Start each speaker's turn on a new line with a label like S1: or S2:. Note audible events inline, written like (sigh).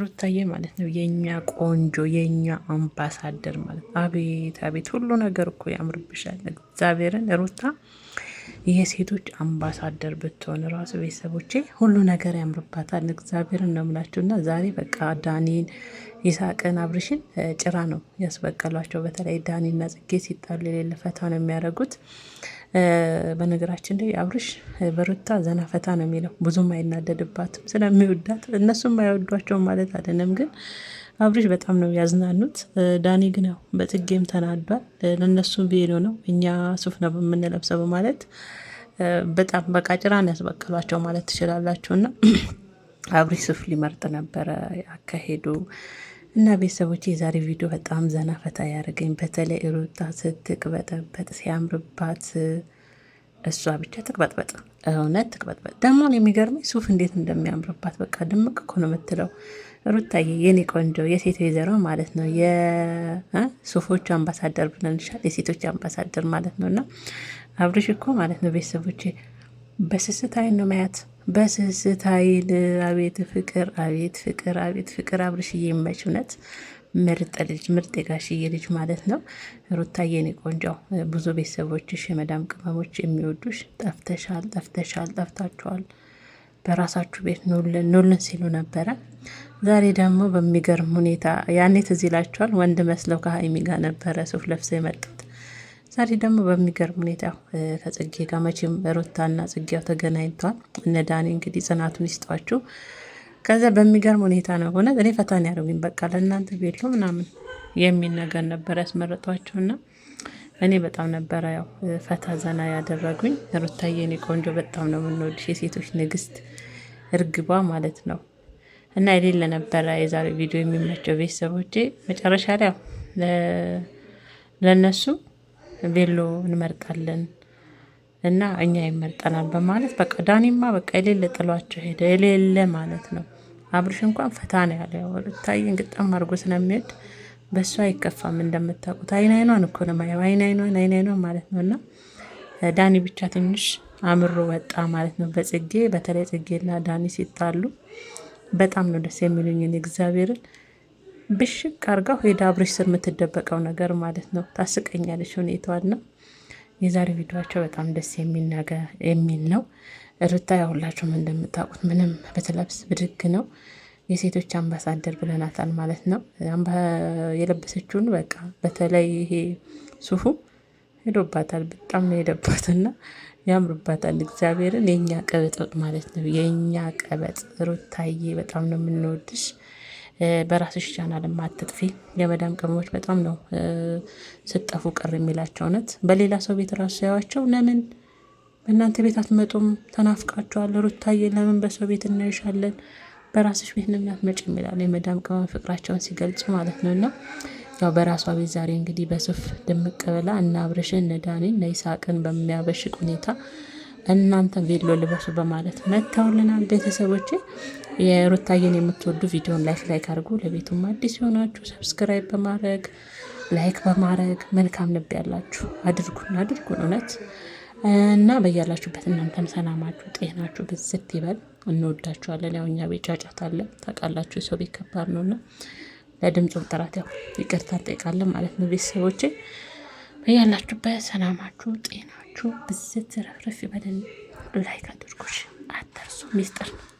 S1: ሩታዬ ማለት ነው የኛ ቆንጆ የኛ አምባሳደር ማለት ነው። አቤት አቤት ሁሉ ነገር እኮ ያምርብሻል። እግዚአብሔርን ሩታ የሴቶች አምባሳደር ብትሆን ራሱ ቤተሰቦቼ ሁሉ ነገር ያምርባታል። እግዚአብሔርን ነው የምላችሁ። እና ዛሬ በቃ ዳኒን ይሳቅን አብርሽን ጭራ ነው ያስበቀሏቸው። በተለይ ዳኒና ጽጌ ሲጣሉ የሌለ ፈታ ነው የሚያደርጉት። በነገራችን ላይ አብርሽ በሩታ ዘና ፈታ ነው የሚለው፣ ብዙም አይናደድባትም ስለሚወዳት። እነሱም አይወዷቸውም ማለት አይደለም፣ ግን አብርሽ በጣም ነው ያዝናኑት። ዳኒ ግን ያው ተናዷል። ለእነሱ ቬሎ ነው እኛ ሱፍ ነው የምንለብሰው በማለት በጣም በቃ ጭራን ያስበቀሏቸው ማለት ትችላላችሁና (clears throat) አብርሽ ሱፍ ሊመርጥ ነበረ አካሄዱ። እና ቤተሰቦች የዛሬ ቪዲዮ በጣም ዘና ፈታ ያደርገኝ፣ በተለይ ሩታ ስትቅበጠበጥ ሲያምርባት፣ እሷ ብቻ ትቅበጥበጥ፣ እውነት ትቅበጥበጥ። ደግሞ የሚገርመኝ ሱፍ እንዴት እንደሚያምርባት በቃ ድምቅ እኮ ነው የምትለው ሩታዬ፣ የኔ ቆንጆ፣ የሴት ወይዘሮ ማለት ነው። የሱፎቹ አምባሳደር ብለንሻል፣ የሴቶች አምባሳደር ማለት ነው። እና አብርሽ እኮ ማለት ነው ቤተሰቦቼ በስስት አይን ነው ማያት በስስት አይን። አቤት ፍቅር፣ አቤት ፍቅር፣ አቤት ፍቅር። አብርሽዬ ይመች እውነት ምርጥ ልጅ ምርጥ የጋሽዬ ልጅ ማለት ነው። ሩታዬ የኔ ቆንጆ ብዙ ቤተሰቦችሽ የመዳም ቅመሞች የሚወዱሽ ጠፍተሻል፣ ጠፍተሻል፣ ጠፍታችኋል በራሳችሁ ቤት ኑልን ሲሉ ነበረ። ዛሬ ደግሞ በሚገርም ሁኔታ ያኔ ትዝ ይላችኋል፣ ወንድ መስለው ከሀይሚ ጋር ነበረ ሱፍ ለብሰው የመጡ ዛሬ ደግሞ በሚገርም ሁኔታ ከጽጌ ጋር መቼም ሩታና ጽጌው ተገናኝቷል። እነ ዳኔ እንግዲህ ጽናቱን ይስጧችሁ። ከዚያ በሚገርም ሁኔታ ነው ሆነ እኔ ፈታን ያደረጉኝ በቃ ለእናንተ ቤሎ ምናምን የሚል ነገር ነበር ያስመረጧቸውና እኔ በጣም ነበረ ያው ፈታ ዘና ያደረጉኝ። ሩታዬ የኔ ቆንጆ በጣም ነው የምንወድሽ፣ የሴቶች ንግስት እርግቧ ማለት ነው። እና የሌለ ነበረ የዛሬ ቪዲዮ የሚመቸው ቤተሰቦቼ መጨረሻ ላይ ያው ለእነሱ ቬሎ እንመርጣለን እና እኛ ይመርጠናል በማለት በቃ ዳኒማ በቃ የሌለ ጥሏቸው ሄደ። የሌለ ማለት ነው። አብርሽ እንኳን ፈታ ነው ያለ። ሩታዬን ግጥም አድርጎ ስለሚሄድ በእሱ አይከፋም። እንደምታውቁት አይን አይኗን እኮ ነው ማየው፣ አይን አይኗን አይን አይኗን ማለት ነው። እና ዳኒ ብቻ ትንሽ አምሮ ወጣ ማለት ነው። በጽጌ በተለይ ጽጌና ዳኒ ሲጣሉ በጣም ነው ደስ የሚሉኝን እግዚአብሔርን ብሽቅ አርጋው ሄዳ አብርሽ ስር የምትደበቀው ነገር ማለት ነው። ታስቀኛለች ሁኔታዋና የዛሬ ቪዲዮቸው በጣም ደስ የሚል ነው። ሩታ ያሁላችሁም እንደምታውቁት ምንም በተለብስ ብድግ ነው። የሴቶች አምባሳደር ብለናታል ማለት ነው። የለበሰችውን በቃ በተለይ ይሄ ሱፉ ሄዶባታል። በጣም ነው ሄደባትና ያምርባታል። እግዚአብሔርን የእኛ ቀበጥ ማለት ነው። የእኛ ቀበጥ ሩታዬ በጣም ነው የምንወድሽ። በራስሽ ቻናል ማትጥፊ የመዳም ቅመሞች በጣም ነው ስጠፉ ቅር የሚላቸው እውነት። በሌላ ሰው ቤት ራሱ ያዋቸው ለምን በእናንተ ቤት አትመጡም? ተናፍቃችኋል። ሩታዬ ለምን በሰው ቤት እናይሻለን? በራስሽ ቤት ለምን መጭ ይላሉ የመዳም ቅመም ፍቅራቸውን ሲገልጹ ማለት ነው። እና ያው በራሷ ቤት ዛሬ እንግዲህ በሱፍ ድምቅ ብላ እና አብርሽን እነ ዳኒን እነ ይሳቅን በሚያበሽቅ ሁኔታ እናንተ ቬሎ ልበሱ በማለት መተውልናል ቤተሰቦቼ። የሩታዬን የምትወዱ ቪዲዮን ላይክ ላይክ አድርጉ። ለቤቱም አዲስ የሆናችሁ ሰብስክራይብ በማድረግ ላይክ በማድረግ መልካም ልብ ያላችሁ አድርጉን አድርጉን እውነት እና በያላችሁበት እናንተም ሰላማችሁ ጤናችሁ ብዝት ይበል። እንወዳችኋለን። ያው እኛ ቤት ጫጫታ አለ ታውቃላችሁ፣ ሰው ቤት ከባድ ነው እና ለድምፁም ጥራት ያው ይቅርታ እንጠይቃለን ማለት ነው። ቤተሰቦቼ በያላችሁበት ሰላማችሁ ጤናችሁ ብዝት ረፍረፍ ይበልን። ላይክ አድርጎች አትርሱ። ሚስጥር ነው።